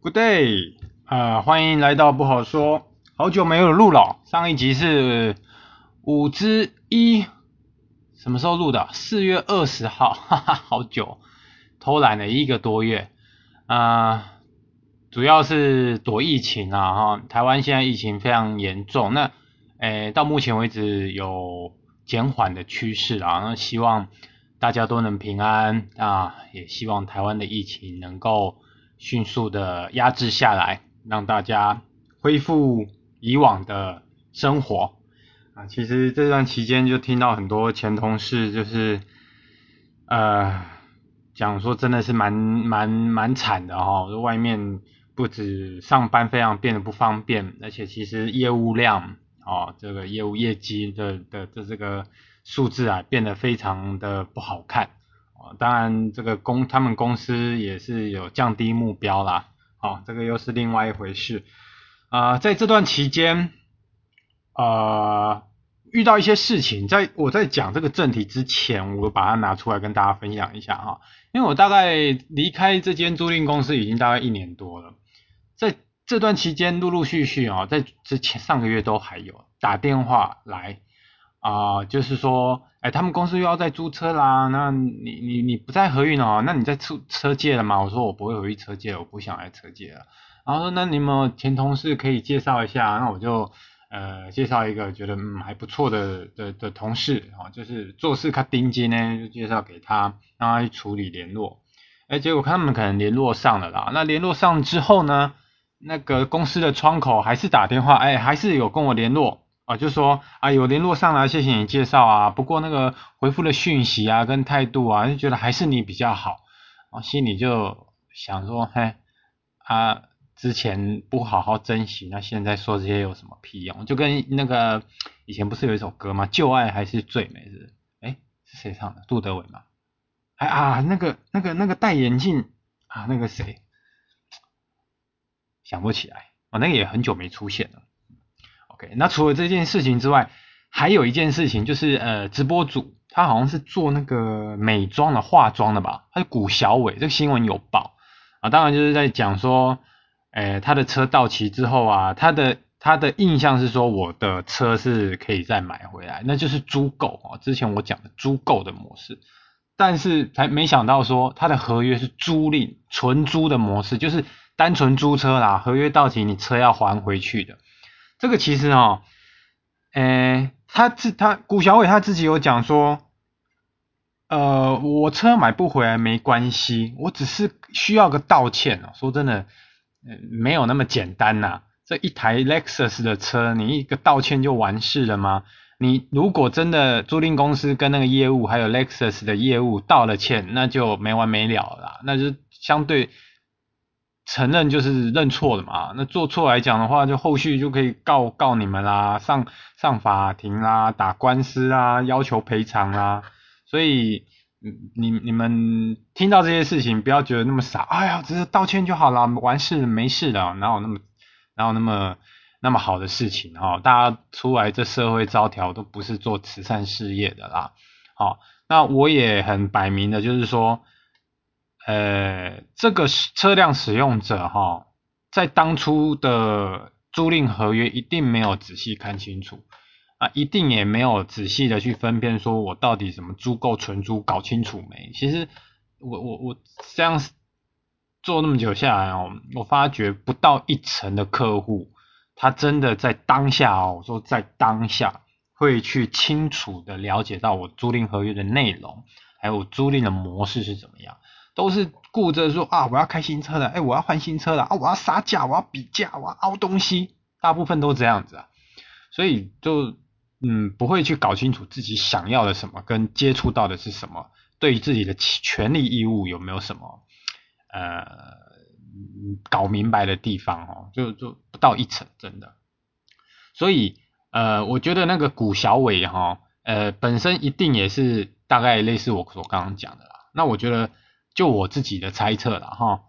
Good day，啊、呃，歡迎來到不好說。好久沒有錄了，上一集是五之一，什麼時候錄的？四月二十號，哈哈，好久，偷懶了一個多月，啊、呃，主要是躲疫情啊，哈，台灣現在疫情非常嚴重，那，誒、欸，到目前為止有減緩的趨勢啊，那希望大家都能平安啊，也希望台灣的疫情能夠，迅速的壓制下來，讓大家恢復以往的生活啊。其實這段期間就聽到很多前同事就是，呃，講說真的是蠻蠻蠻，蠻慘的哈、哦。說外面不止上班非常變得不方便，而且其實業務量哦、啊，這個業務業績的的這這個數字啊變得非常的不好看。當然，這個公他們公司也是有降低目標啦，好、哦，這個又是另外一回事。啊、呃，在這段期間、呃，遇到一些事情，在我在講這個正題之前，我把它拿出來跟大家分享一下哈，因為我大概離開這間租賃公司已經大概一年多了，在這段期間，陸陸續續啊、哦，在之前上個月都還有打電話來啊、呃，就是說。欸、他們公司又要再租車啦，那你你你不在和運哦？那你在出車界了嘛？我說我不會回去車界，我不想來車界了。然後說，那你們前同事可以介紹一下，那我就呃介紹一個覺得嗯還不錯的的的同事啊，就是做事他釘金呢，就介紹給他，讓他去處理聯絡。哎、欸，結果看他們可能聯絡上了啦，那聯絡上之後呢，那個公司的窗口還是打電話，哎、欸，還是有跟我聯絡。啊，就說啊有聯絡上了，謝謝你介紹啊，不過那個回復的訊息啊跟態度啊，就覺得還是你比較好，啊心裡就想說，嘿啊，之前不好好珍惜，那現在說這些有什麼屁用？就跟那個以前不是有一首歌嗎？舊愛還是最美，是不是？哎，是誰唱的？杜德偉嗎？哎啊，那個那個那個戴眼鏡啊，那個誰想不起來，我、啊、那個也很久沒出現了。Okay，那除了這件事情之外，還有一件事情就是，呃，直播主他好像是做那個美妝的化妝的吧，他是古小偉，這個新聞有報啊，當然就是在講說，誒、欸、他的車到期之後啊，他的他的印象是說我的車是可以再買回來，那就是租購啊，之前我講的租購的模式，但是才沒想到說他的合約是租賃純租的模式，就是單純租車啦，合約到期你車要還回去的。這個其實哈、哦，哎，他自他顧小偉他自己有講說，呃，我車買不回來沒關係，我只是需要個道歉哦。說真的，呃、沒有那麼簡單啦、啊。這一台 Lexus 的車，你一個道歉就完事了嗎？你如果真的租賃公司跟那個業務還有 Lexus 的業務道了歉，那就沒完沒了了啦。那就相對。承認就是認錯了嘛，那做錯來講的話，就後續就可以告告你們啦，上上法庭啦，打官司啊，要求賠償啦。所以，你你你們聽到這些事情，不要覺得那麼傻，哎呀，只是道歉就好了，完事沒事的，哪有那麼哪有那麼那麼好的事情齁，大家出來這社會招條都不是做慈善事業的啦，好，那我也很擺明的，就是說。呃，這個車輛使用者哈，在當初的租賃合約一定沒有仔細看清楚啊，一定也沒有仔細的去分辨，說我到底什麼租購純租搞清楚沒？其實我我我這樣做那麼久下來哦，我發覺不到一成的客戶，他真的在當下哦，我說在當下會去清楚的了解到我租賃合約的內容，還有租賃的模式是怎麼樣。都是顧着說啊，我要開新車了，哎，我要換新車了啊，我要殺價，我要比價，我要凹東西，大部分都這樣子啊，所以就嗯，不會去搞清楚自己想要的什麼跟接觸到的是什麼，對自己的權利義務有沒有什麼呃搞明白的地方哦，就就不到一成，真的，所以呃，我覺得那個古小偉哈、哦，呃，本身一定也是大概類似我所剛剛講的啦，那我覺得。就我自己的猜測了哈，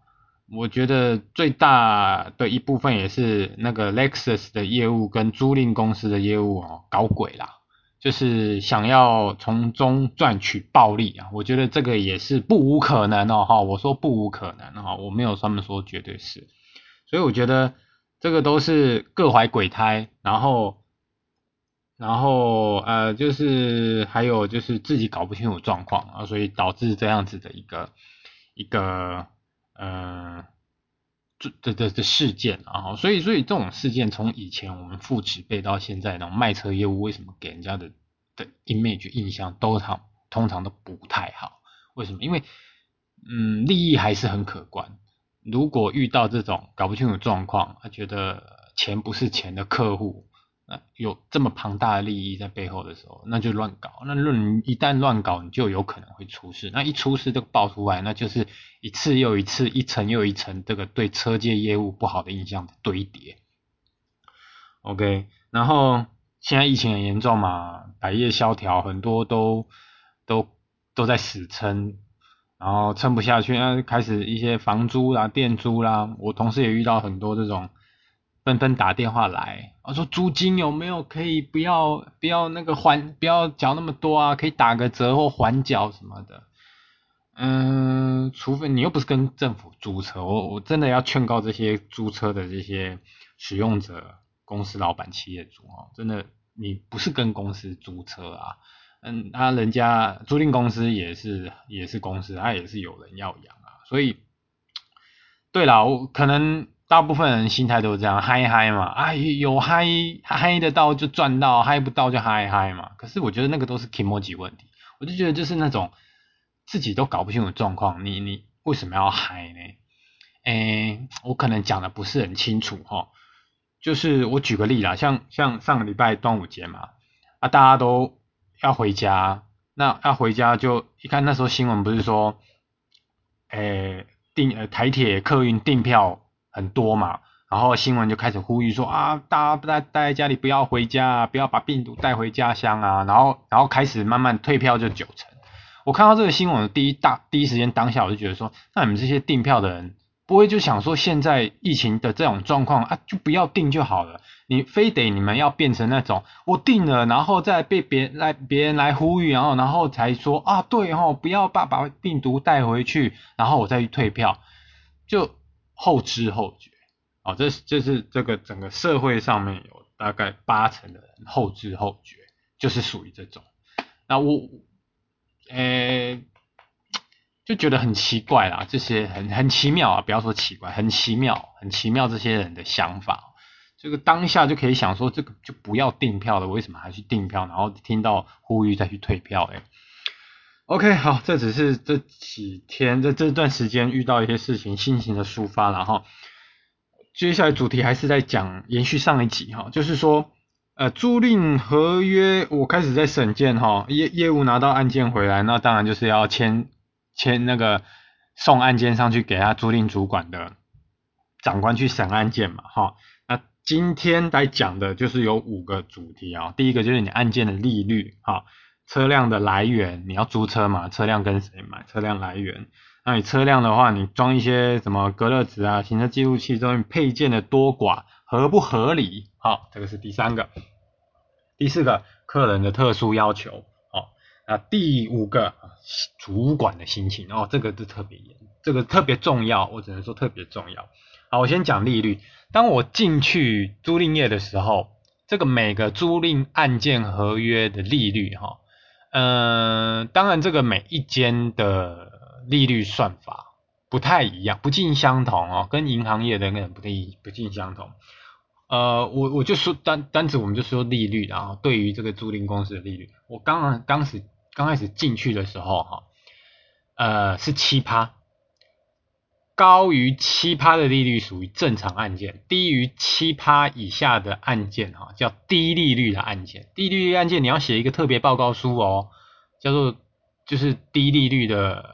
我覺得最大的一部分也是那個 Lexus 的業務跟租賃公司的業務啊搞鬼啦，就是想要從中賺取暴利啊，我覺得這個也是不無可能哦哈，我說不無可能哈，我沒有專門說絕對是，所以我覺得這個都是各懷鬼胎，然後。然後呃，就是還有就是自己搞不清楚狀況啊，所以導致這樣子的一個一個嗯這這這這事件啊，所以所以這種事件從以前我們父執輩，到現在呢，賣車業務為什麼給人家的的 image 印象都常通常都不太好？為什麼？因為嗯，利益還是很可觀。如果遇到這種搞不清楚狀況，他覺得錢不是錢的客戶。有這麼龐大的利益在背後的時候，那就亂搞。那論，一旦亂搞，你就有可能會出事。那一出事就爆出來，那就是一次又一次、一層又一層這個對車界業務不好的印象的堆疊。OK，然後現在疫情很嚴重嘛，百業蕭條，很多都都都在死撐，然後撐不下去，那、呃、開始一些房租啦、啊、店租啦、啊，我同時也遇到很多這種。紛紛打電話來說租金有沒有可以不要不要那個還不要繳那麼多啊，可以打個折或緩繳什麼的。嗯，除非你又不是跟政府租車，我我真的要勸告這些租車的這些使用者、公司老闆、企業主啊、哦，真的你不是跟公司租車啊。嗯，那、啊、人家租賃公司也是也是公司，他、啊、也是有人要養啊，所以對了，我可能。大部分人心態都是這樣，嗨嗨嘛，哎，有嗨嗨得到就賺到，嗨不到就嗨嗨嘛。可是我覺得那個都是 kimochi 問題，我就覺得就是那種自己都搞不清楚狀況，你你為什麼要嗨呢、欸？誒我可能講的不是很清楚哦。就是我舉個例子啦，像像上個禮拜端午節嘛，啊，大家都要回家，那要回家就一看那時候新聞不是說，哎、欸，訂、呃、台鐵客運訂票。很多嘛，然後新聞就開始呼籲說啊，大家不待待在家裡，不要回家，不要把病毒帶回家鄉啊。然後，然後開始慢慢退票，就九成。我看到這個新聞的第一大第一時間當下，我就覺得說，那你們這些訂票的人，不會就想說現在疫情的這種狀況啊，就不要訂就好了。你非得你們要變成那種我訂了，然後再被別人來別人來呼籲，然後然後才說啊，對哦，不要把把病毒帶回去，然後我再去退票，就。後知後覺，哦，這是這是這個整個社會上面有大概八成的人後知後覺，就是屬於這種。那我，呃、欸，就覺得很奇怪啦，這些很很奇妙啊，不要說奇怪，很奇妙，很奇妙這些人的想法，這個當下就可以想說，這個就不要訂票了，為什麼還去訂票？然後聽到呼籲再去退票。欸，OK，好，這只是這幾天在這，這段時間遇到一些事情，心情的抒發了，然後接下來主題還是在講，延續上一集哈，就是說呃租賃合約我開始在審件哈，業業務拿到案件回來，那當然就是要簽簽那個送案件上去給他租賃主管的長官去審案件嘛哈，那今天來講的就是有五個主題啊，第一個就是你案件的利率哈。車輛的來源，你要租車嘛？車輛跟誰買？車輛來源。那你車輛的話，你裝一些什麼隔熱紙啊、行車記錄器這種配件的多寡合不合理？好、哦，這個是第三個。第四個，客人的特殊要求。好、哦，那、啊、第五個，主管的心情哦，這個就特別嚴，這個特別重要，我只能說特別重要。好，我先講利率。當我進去租賃業的時候，這個每個租賃案件合約的利率哈。哦嗯、呃，當然，這個每一間的利率算法不太一樣，不盡相同哦。跟銀行業的人不太不不盡相同。呃，我我就說單單指我們就說利率，然後對於這個租賃公司的利率，我剛剛開始剛開始進去的時候，哈，呃，是七趴。高於七趴的利率屬於正常案件，低於七趴以下的案件哈，叫低利率的案件。低利率案件你要寫一個特別報告書哦，叫做就是低利率的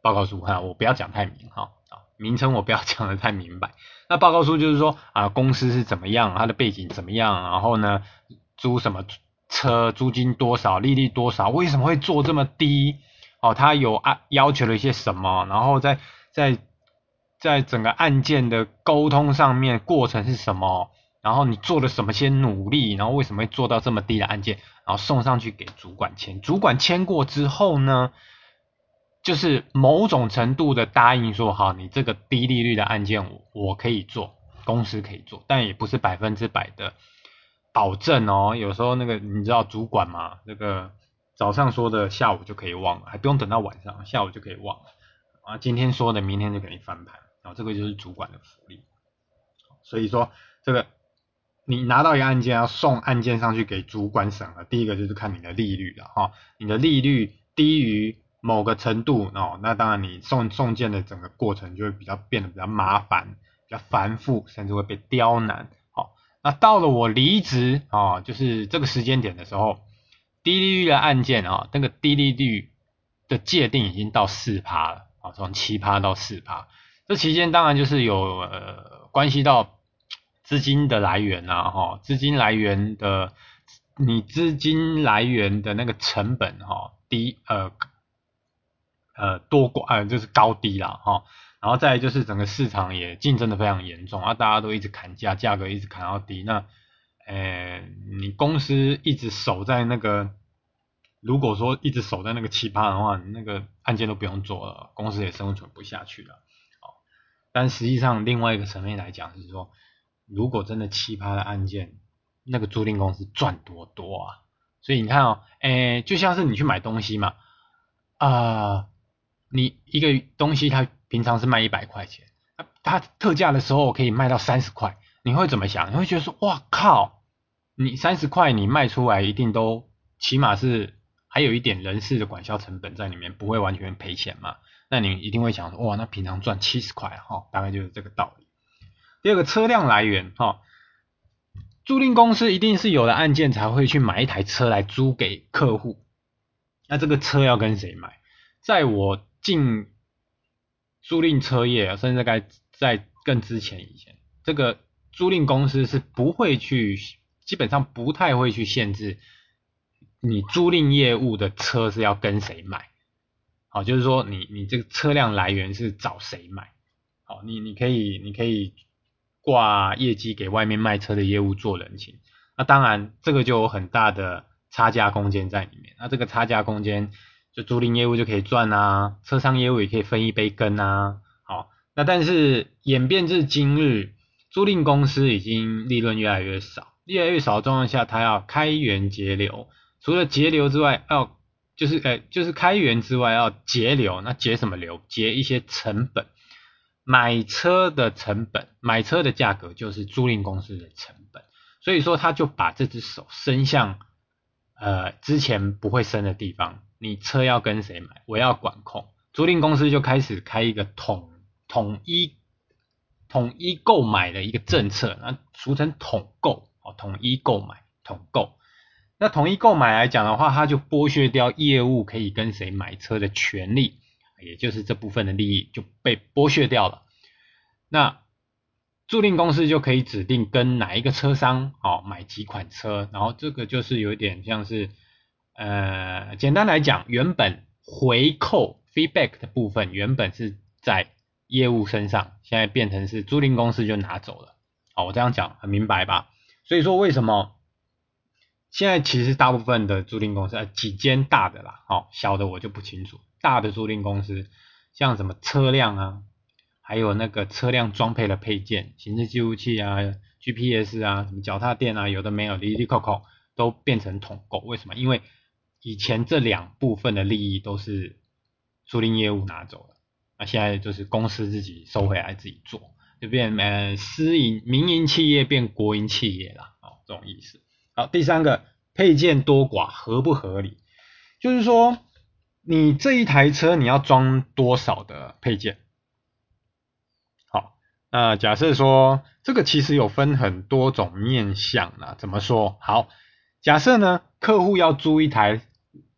報告書。哈，我不要講太明哈啊，名稱我不要講得太明白。那報告書就是說啊，公司是怎麼樣，它的背景怎麼樣，然後呢，租什麼車，租金多少，利率多少，為什麼會做這麼低？哦，它有啊要求了一些什麼，然後在在。在整個案件的溝通上面過程是什麼？然後你做了什麼些努力？然後為什麼會做到這麼低的案件？然後送上去給主管簽，主管簽過之後呢，就是某種程度的答應說，好，你這個低利率的案件我我可以做，公司可以做，但也不是百分之百的保證哦。有時候那個你知道主管嘛，那個早上說的下午就可以忘了，還不用等到晚上，下午就可以忘了。啊，今天說的明天就給你翻盤。哦，這個就是主管的福利，所以說這個你拿到一個案件要送案件上去給主管審核，第一個就是看你的利率了哈，你的利率低於某個程度哦，那當然你送送件的整個過程就會比較變得比較麻煩、比較繁複，甚至會被刁難。好，那到了我離職啊，就是這個時間點的時候，低利率的案件啊，那個低利率的界定已經到四趴了啊，從七趴到四趴。這期間當然就是有呃關係到資金的來源啦、啊，哈、哦，資金來源的你資金來源的那個成本哈、哦、低呃呃多寡、呃、就是高低了哈、哦，然後再來就是整個市場也競爭得非常嚴重啊，大家都一直砍價，價格一直砍到低，那呃你公司一直守在那個如果說一直守在那個奇葩的話，你那個案件都不用做了，公司也生存不下去了。但實際上，另外一個層面來講，是說，如果真的奇葩的案件，那個租賃公司賺多多啊。所以你看哦，哎，就像是你去買東西嘛，啊、呃，你一個東西它平常是賣一百塊錢，它特價的時候可以賣到三十塊，你會怎麼想？你會覺得說，哇靠，你三十塊你賣出來一定都起碼是還有一點人事的管銷成本在裡面，不會完全賠錢嘛。那你一定會想說，哇，那平常賺七十塊哈，大概就是這個道理。第二個車輛來源哈，租賃公司一定是有了案件才會去買一台車來租給客戶。那這個車要跟誰買？在我進租賃車業啊，甚至在在更之前以前，這個租賃公司是不會去，基本上不太會去限制你租賃業務的車是要跟誰買。好，就是說你你這個車輛來源是找誰買？好，你你可以你可以掛業績給外面賣車的業務做人情。那當然，這個就有很大的差價空間在裡面。那這個差價空間，就租賃業務就可以賺啊，車商業務也可以分一杯羹啊。好，那但是演變至今日，租賃公司已經利潤越來越少，越來越少的狀況下，它要開源節流。除了節流之外，要就是呃就是開源之外要節流，那節什麼流？節一些成本，買車的成本，買車的價格就是租賃公司的成本，所以說他就把這只手伸向，呃，之前不會伸的地方，你車要跟誰買，我要管控，租賃公司就開始開一個統統一統一購買的一個政策，那俗稱統購哦，統一購買，統購。那統一購買來講的話，它就剝削掉業務可以跟誰買車的權利，也就是這部分的利益就被剝削掉了。那租賃公司就可以指定跟哪一個車商，好買幾款車，然後這個就是有點像是，呃，簡單來講，原本回扣 feedback 的部分原本是在業務身上，現在變成是租賃公司就拿走了。好，我這樣講很明白吧？所以說為什麼？現在其實大部分的租賃公司啊、呃，幾間大的啦，好、哦、小的我就不清楚。大的租賃公司像什麼車輛啊，還有那個車輛裝配的配件、行車記錄器啊、GPS 啊、什麼腳踏墊啊，有的沒有，裡裡口口都變成統購。為什麼？因為以前這兩部分的利益都是租賃業務拿走了，那、啊、現在就是公司自己收回來自己做，就變呃私營民營企業變國營企業了，哦，這種意思。好，第三個配件多寡合不合理，就是說你這一台車你要裝多少的配件？好，那假設說這個其實有分很多種面向啦、啊，怎麼說？好，假設呢客戶要租一台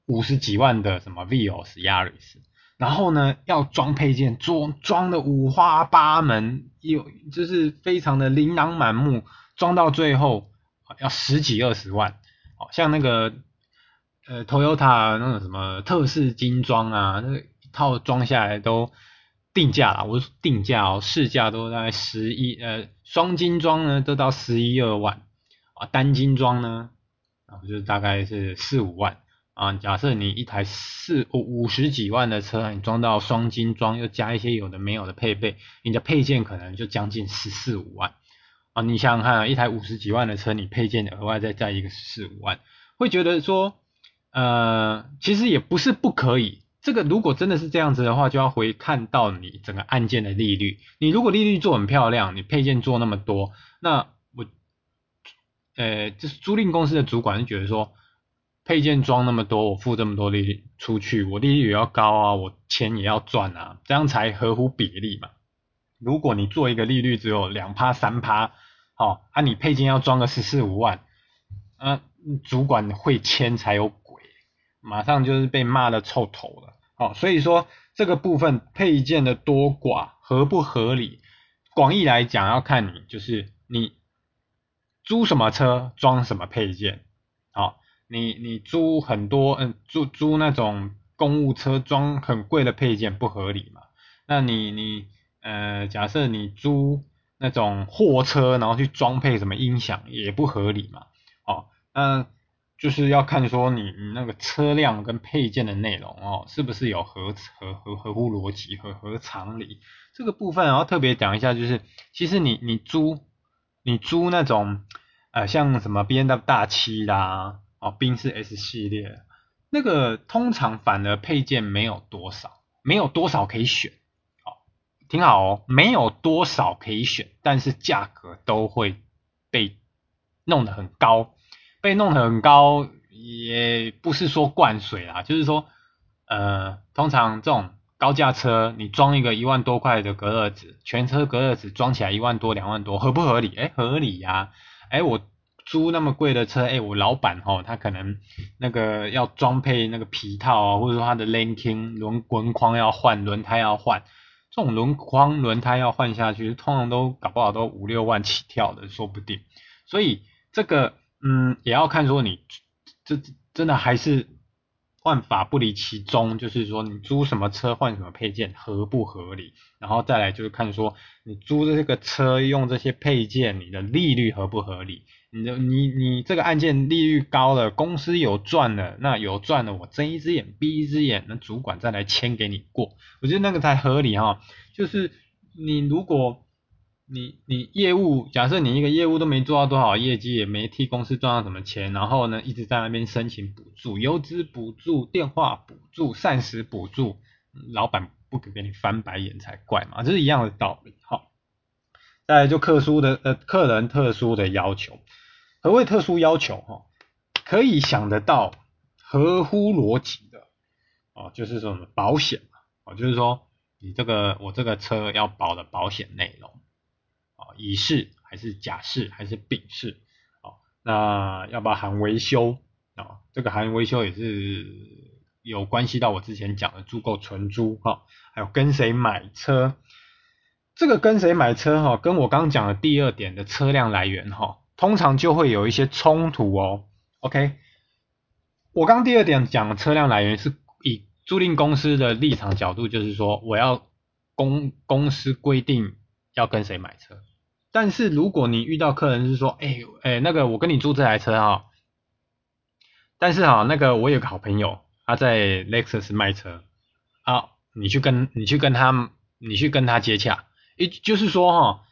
五十幾萬的什麼 Vios、Yaris，然後呢要裝配件，裝裝的五花八門，有就是非常的琳琅滿目，裝到最後。要十幾二十萬，哦，像那個呃，Toyota 那種什麼特仕精裝啊，那個一套裝下來都定價了，我定價哦，市價都大概十一，呃，雙精裝呢都到十一二萬啊，單精裝呢啊，就是大概是四五萬啊。假設你一台四五、哦、五十幾萬的車，你裝到雙精裝，又加一些有的沒有的配備，你的配件可能就將近十四五萬。啊、你想想看，啊，一台五十幾萬的車，你配件額外再加一個四五萬，會覺得說，呃，其實也不是不可以。這個如果真的是這樣子的話，就要回看到你整個案件的利率。你如果利率做很漂亮，你配件做那麼多，那我，呃，就是租賃公司的主管就覺得說，配件裝那麼多，我付這麼多利率出去，我利率也要高啊，我錢也要賺啊，這樣才合乎比例嘛。如果你做一個利率只有兩趴三趴，好、哦、啊，你配件要裝個十四五萬，嗯、啊，主管會簽才有鬼，馬上就是被罵得臭頭了。好、哦，所以說這個部分配件的多寡合不合理，廣義來講要看你就是你租什麼車裝什麼配件。好、哦，你你租很多，嗯，租租那種公務車裝很貴的配件不合理嘛？那你你呃，假設你租，那種貨車，然後去裝配什麼音響也不合理嘛，哦，那就是要看說你你那個車輛跟配件的內容哦，是不是有合合合合乎邏輯，合合，合，合常理？這個部分然後特別講一下，就是其實你你租你租那種呃像什麼 BMW 大七啦，哦，賓士 S 系列，那個通常反而配件沒有多少，沒有多少可以選。挺好哦，沒有多少可以選，但是價格都會被弄得很高，被弄得很高也不是說灌水啦，就是說，呃，通常這種高價車，你裝一個一萬多塊的隔熱紙，全車隔熱紙裝起來一萬多兩萬多，合不合理？誒，合理呀、啊。誒，我租那麼貴的車，誒，我老板吼、哦、他可能那個要裝配那個皮套啊、哦，或者說他的 linking 輪滾框要換，輪胎要換。這種輪框輪胎要換下去，通常都搞不好都五六萬起跳的，說不定。所以這個，嗯，也要看說你這這真的還是萬法不離其宗，就是說你租什麼車換什麼配件合不合理，然後再來就是看說你租的這個車用這些配件，你的利率合不合理。你就你你這個案件利率高了，公司有賺了，那有賺了，我睜一只眼閉一只眼，那主管再來簽給你過，我覺得那個才合理哈、哦。就是你如果你你業務，假設你一個業務都沒做到多少業績，也沒替公司賺到什麼錢，然後呢一直在那邊申請補助、油資補助、電話補助、膳食補助，老板不給你翻白眼才怪嘛，這，就是一樣的道理。哈、哦。再來就特殊的呃客人特殊的要求。何謂特殊要求？哈，可以想得到合乎邏輯的，哦，就是什麼保險哦，就是說你這個我這個車要保的保險內容，哦，乙式還是甲式還是丙式，哦，那要不要含維修？啊，這個含維修也是有關係到我之前講的足夠存租，哈，還有跟誰買車，這個跟誰買車，哈，跟我剛剛講的第二點的車輛來源，哈。通常就會有一些衝突哦，OK。我剛剛第二點講車輛來源，是以租賃公司的立場角度，就是說我要公公司規定要跟誰買車，但是如果你遇到客人是說，哎、欸、哎、欸、那個我跟你租這台車啊。」但是啊，那個我有個好朋友，他在 Lexus 賣車，好、啊、你去跟你去跟他你去跟他接洽，也、欸、就是說哈。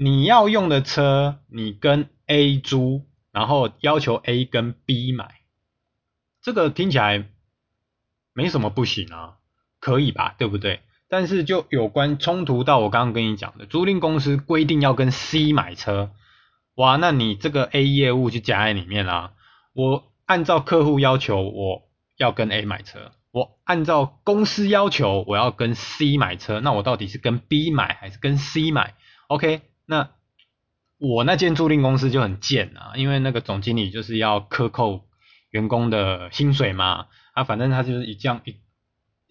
你要用的車，你跟 A 租，然後要求 A 跟 B 買，這個聽起來沒什麼不行啊，可以吧？對不對？但是就有關衝突到我剛剛跟你講的，租賃公司規定要跟 C 買車，哇，那你這個 A 業務就夾在裡面啦、啊。我按照客戶要求，我要跟 A 買車；我按照公司要求，我要跟 C 買車。那我到底是跟 B 買還是跟 C 買？OK？那我那間租賃公司就很賤啊，因為那個總經理就是要克扣員工的薪水嘛，啊，反正他就是一將一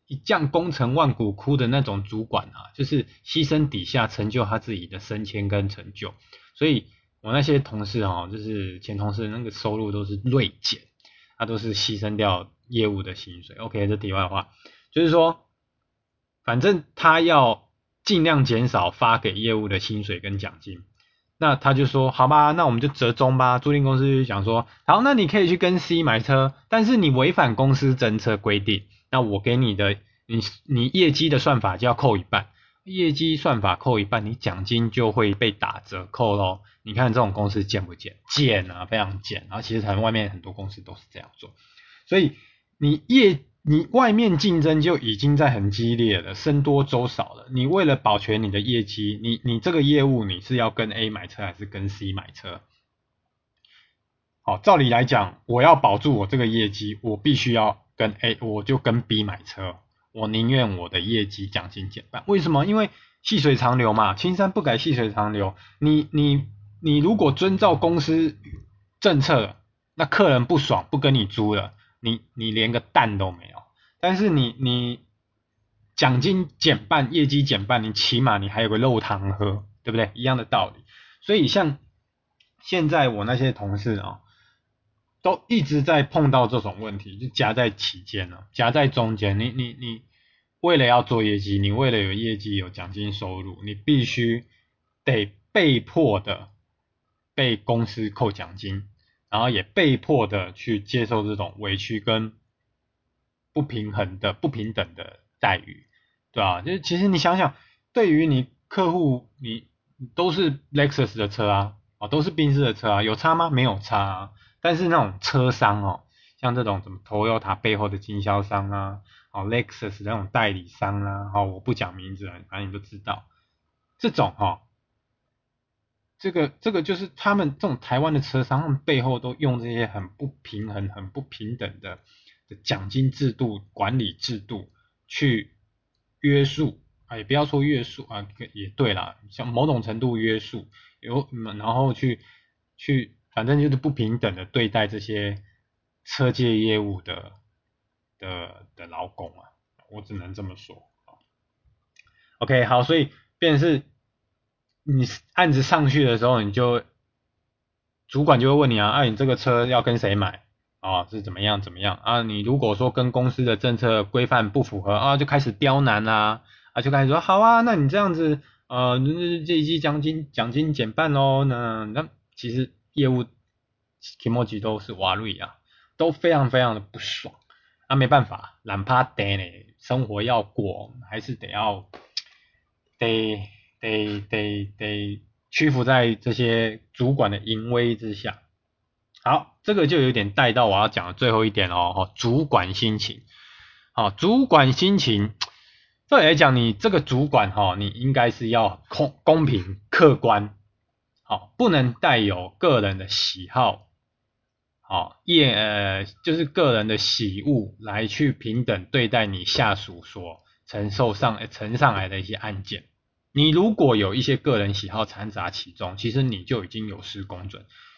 一將功成萬骨枯的那種主管啊，就是犧牲底下成就他自己的升遷跟成就，所以我那些同事啊，就是前同事那個收入都是銳減，他都是犧牲掉業務的薪水。OK，這題外話，就是說，反正他要。盡量減少發給業務的薪水跟獎金，那他就說好吧，那我們就折中吧。租賃公司就講說，好，那你可以去跟 C 買車，但是你違反公司政策規定，那我給你的你你業績的算法就要扣一半，業績算法扣一半，你獎金就會被打折扣咯。你看這種公司賤不賤？賤啊，非常賤。然後其實很外面很多公司都是這樣做，所以你業。你外面競爭就已經在很激烈了，僧多粥少了。你為了保全你的業績，你你這個業務你是要跟 A 買車還是跟 C 買車？好，照理來講，我要保住我這個業績，我必須要跟 A，我就跟 B 買車。我寧願我的業績獎金減半。為什麼？因為細水長流嘛，青山不改，細水長流。你你你如果遵照公司政策，那客人不爽，不跟你租了。你你連個蛋都沒有，但是你你獎金減半，業績減半，你起碼你還有個肉湯喝，對不對？一樣的道理，所以像現在我那些同事啊，都一直在碰到這種問題，就夾在期間了，夾在中間。你你你為了要做業績，你為了有業績有獎金收入，你必須得被迫的被公司扣獎金。然後也被迫的去接受這種委屈跟不平衡的不平等的待遇。對啊，就是其實你想想，對於你客戶你，你都是 Lexus 的車啊，哦，都是賓士的車啊，有差嗎？沒有差啊。但是那種車商哦，像這種什麼 Toyota 背後的經銷商啊，哦，Lexus 的那種代理商啊，哦，我不講名字了，反正，啊，你都知道，這種哈、哦。這個這個就是他們這種台灣的車商，他們背後都用這些很不平衡、很不平等的、的獎金制度、管理制度去約束啊，也、哎、不要說約束啊，也對啦，像某種程度約束，有然後去去，反正就是不平等的對待這些車界業務的的的勞工啊，我只能這麼說 OK，好，所以變成是。你案子上去的時候，你就主管就會問你啊，啊，你這個車要跟誰買啊？是怎麼樣怎麼樣啊？你如果說跟公司的政策規範不符合啊，就開始刁難啦、啊，啊，就開始說好啊，那你這樣子，呃，這一季獎金獎金減半嘍？那那其實業務期末期都是瓦瑞啊，都非常非常的不爽啊，沒辦法，懶趴得嘞，生活要過，還是得要得。得得得屈服在這些主管的淫威之下。好，這個就有點帶到我要講的最後一點哦，主管心情。好，主管心情，這裡來講，你這個主管哈、哦，你應該是要公公平客觀，好，不能帶有個人的喜好，好，也、呃、就是個人的喜惡來去平等對待你下屬所承受上承上來的一些案件。你如果有一些個人喜好摻雜其中，其實你就已經有失公允，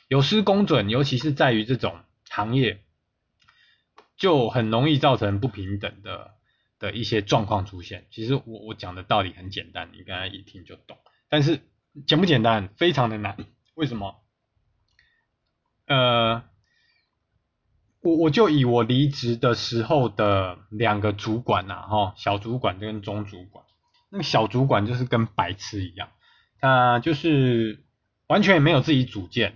有失公允，尤其是在於這種行業，就很容易造成不平等的的一些狀況出現。其實我我講的道理很簡單，你剛才一聽就懂，但是簡不簡單？非常的難。為什麼？呃，我我就以我離職的時候的兩個主管吶，哈，小主管跟中主管。那個小主管就是跟白痴一樣，他就是完全也沒有自己主見，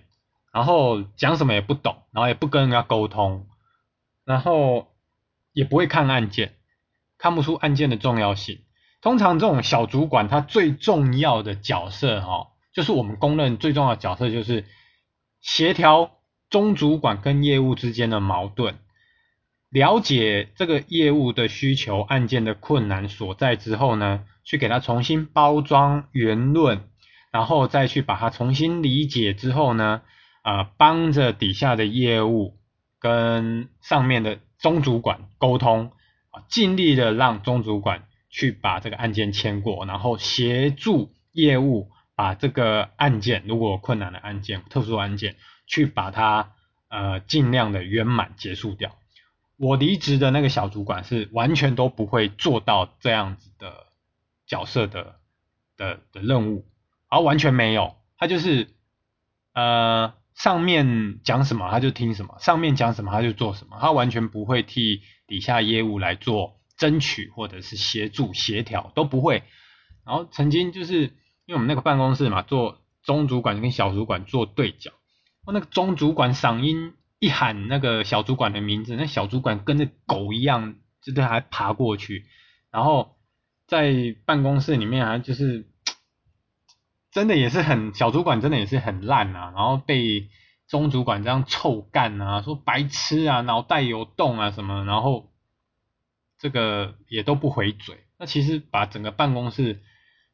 然後講什麼也不懂，然後也不跟人家溝通，然後也不會看案件，看不出案件的重要性。通常這種小主管他最重要的角色哦，就是我們公認最重要的角色就是協調中主管跟業務之間的矛盾。了解這個業務的需求、案件的困難所在之後呢，去給它重新包裝、圓潤，然後再去把它重新理解之後呢，啊、呃，幫着底下的業務跟上面的中主管溝通，啊，盡力的讓中主管去把這個案件簽過，然後協助業務把這個案件，如果有困難的案件、特殊案件，去把它呃盡量的圓滿結束掉。我離職的那個小主管是完全都不會做到這樣子的角色的的的任務，然後完全沒有，他就是呃上面講什麼他就聽什麼，上面講什麼他就做什麼，他完全不會替底下業務來做爭取或者是協助協調都不會。然後曾經就是因為我們那個辦公室嘛，做中主管跟小主管做對角，那個中主管嗓音。一喊那個小主管的名字，那小主管跟那狗一樣，就對他還爬過去，然後在辦公室裡面、啊，還就是真的也是很小主管，真的也是很爛啊，然後被中主管這樣臭幹啊，說白痴啊，腦袋有洞啊什麼，然後這個也都不回嘴，那其實把整個辦公室，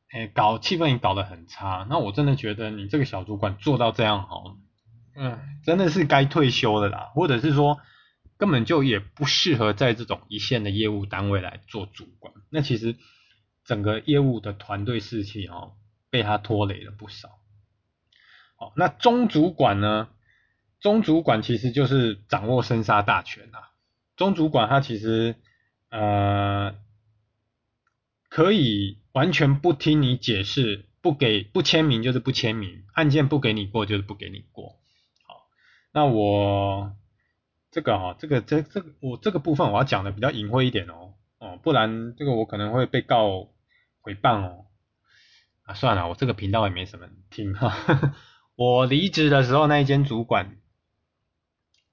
哎、搞氣氛也搞得很差，那我真的覺得你這個小主管做到這樣好。嗯，真的是該退休的啦，或者是說根本就也不適合在這種一線的業務單位來做主管。那其實整個業務的團隊士氣哦，被他拖累了不少。好，那中主管呢？中主管其實就是掌握生殺大權啊，中主管他其實呃可以完全不聽你解釋，不給，不簽名就是不簽名，案件不給你過就是不給你過。那我這個哈，這個這、哦、這個這、這個、我這個部分我要講的比較隱晦一點哦哦，不然這個我可能會被告誹謗哦啊，算了，我這個頻道也沒什麼人聽哈。我離職的時候那一間主管，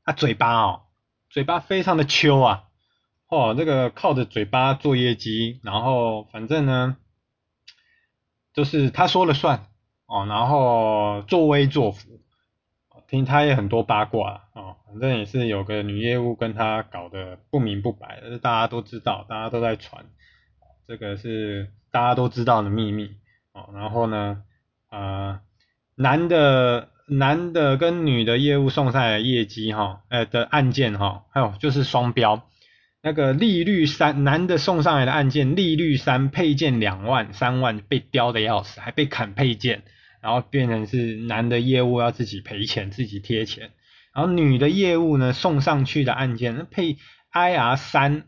他嘴巴哦，嘴巴非常的秋啊，哦，這個靠着嘴巴做業績，然後反正呢，就是他說了算哦，然後作威作福。聽他也很多八卦哦，反正也是有個女業務跟他搞得不明不白，而且大家都知道，大家都在傳，這個是大家都知道的秘密哦。然後呢，呃，男的男的跟女的業務送上來的業績哈、哦，呃的案件哈，還、哦、有就是雙標，那個利率三男的送上來的案件利率三配件兩萬三萬被叼的要死，還被砍配件。然後變成是男的業務要自己賠錢，自己貼錢。然後女的業務呢，送上去的案件配 I R 三，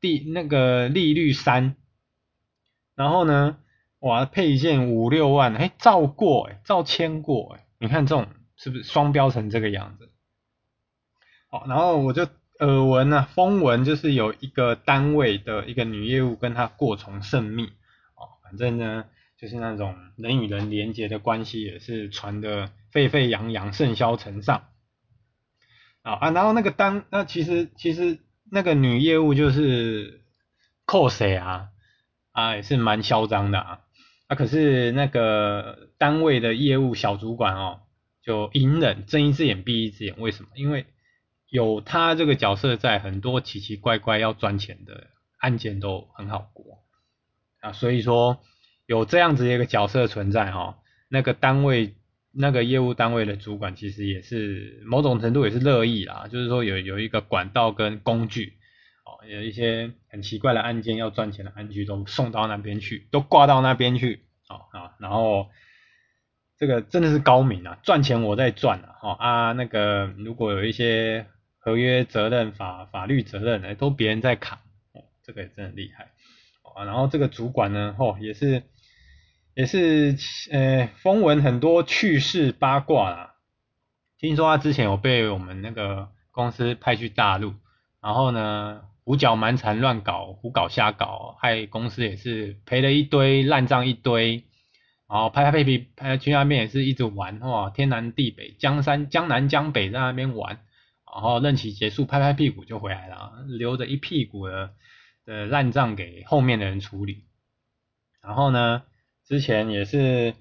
利那個利率三。然後呢，哇，配件五六萬，哎，照過，照簽過，你看這種是不是雙標成這個樣子？好，然後我就耳聞吶、啊，風聞就是有一個單位的一個女業務跟她過從甚密，反正呢。就是那種人與人連接的關係，也是傳得沸沸揚揚，甚囂塵上啊啊！然後那個單，那其實其實那個女業務就是扣誰啊啊，也是蠻囂張的啊啊！可是那個單位的業務小主管哦，就隱忍，睜一隻眼閉一隻眼，為什麼？因為有他這個角色在，很多奇奇怪怪要賺錢的案件都很好過啊，所以說。有這樣子一個角色存在哈，那個單位那個業務單位的主管其實也是某種程度也是樂意啦，就是說有有一個管道、跟工具，哦，有一些很奇怪的案件，要賺錢的案件都送到那邊去，都掛到那邊去，啊，然後這個真的是高明啊，賺錢我在賺啊，啊那個如果有一些合約責任法法律責任呢，都別人在扛，哦，這個也真的厲害，然後這個主管呢，哦也是。也是呃，風聞很多趣事八卦啦。聽說他之前有被我們那個公司派去大陸，然後呢，胡攪蠻纏、亂搞、胡搞瞎搞，害公司也是賠了一堆爛賬一堆。然後拍拍屁屁，拍去那邊也是一直玩，哇，天南地北、江山江南江北在那邊玩，然後任期結束拍拍屁股就回來了，留着一屁股的呃爛賬給後面的人處理。然後呢，之前也是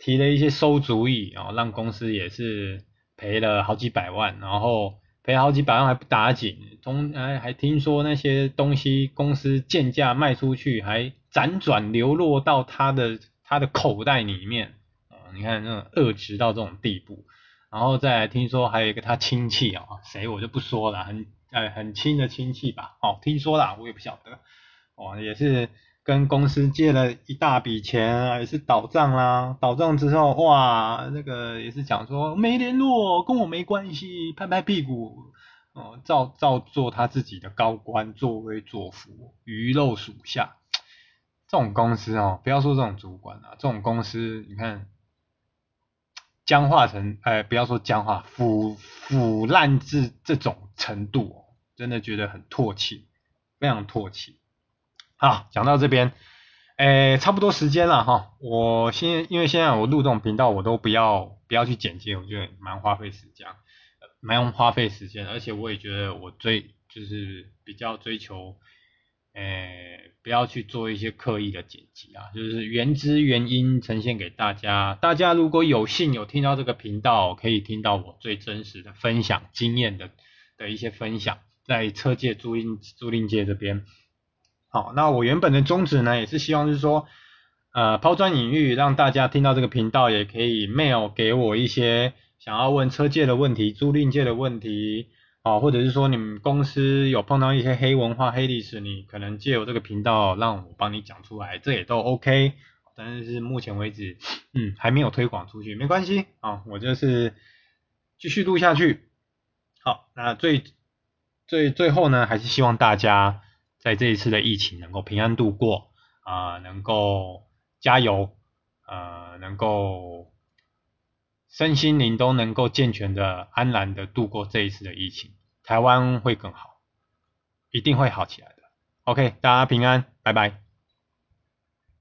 提了一些餿主意啊、哦，讓公司也是賠了好幾百萬，然後賠好幾百萬還不打緊，從、哎、還聽說那些東西公司賤價賣出去，還輾轉流落到他的他的口袋裡面、呃、你看那種惡質到這種地步，然後再來聽說還有一個他親戚啊、哦，誰我就不說了，很、哎、很親的親戚吧，哦聽說啦，我也不曉得，哦也是。.跟公司借了一大筆錢啊，也是倒賬啦、啊，倒賬之後哇，那個也是講說沒聯絡，跟我沒關係，拍拍屁股，哦，照照做他自己的高官，作威作福，魚肉屬下。這種公司哦，不要說這種主管啊，這種公司，你看僵化成，哎、呃，不要說僵化，腐腐爛至這種程度、哦，真的覺得很唾棄，非常唾棄。好，講到這邊，誒、欸，差不多時間了哈。我先因為現在我錄這種頻道，我都不要不要去剪輯，我覺得蠻花費時間，蠻花費時間。而且我也覺得我最就是比較追求，誒、欸，不要去做一些刻意的剪輯啊，就是原汁原音呈現給大家。大家如果有幸有聽到這個頻道，可以聽到我最真實的分享經驗的的一些分享，在車界租賃租賃界這邊。好，那我原本的宗旨呢，也是希望是說，呃，拋磚引玉，讓大家聽到這個頻道，也可以 mail 給我一些想要問車界的問題、租賃界的問題，啊、哦，或者是說你們公司有碰到一些黑文化、黑歷史，你可能借我這個頻道讓我幫你講出來，這也都 OK。但是目前為止，嗯，還沒有推廣出去，沒關係啊、哦，我就是繼續錄下去。好，那最最最後呢，還是希望大家。在這一次的疫情能夠平安度過，啊、呃，能夠加油，呃，能夠身心靈都能夠健全的、安然的度過這一次的疫情，台灣會更好，一定會好起來的。OK，大家平安，拜拜。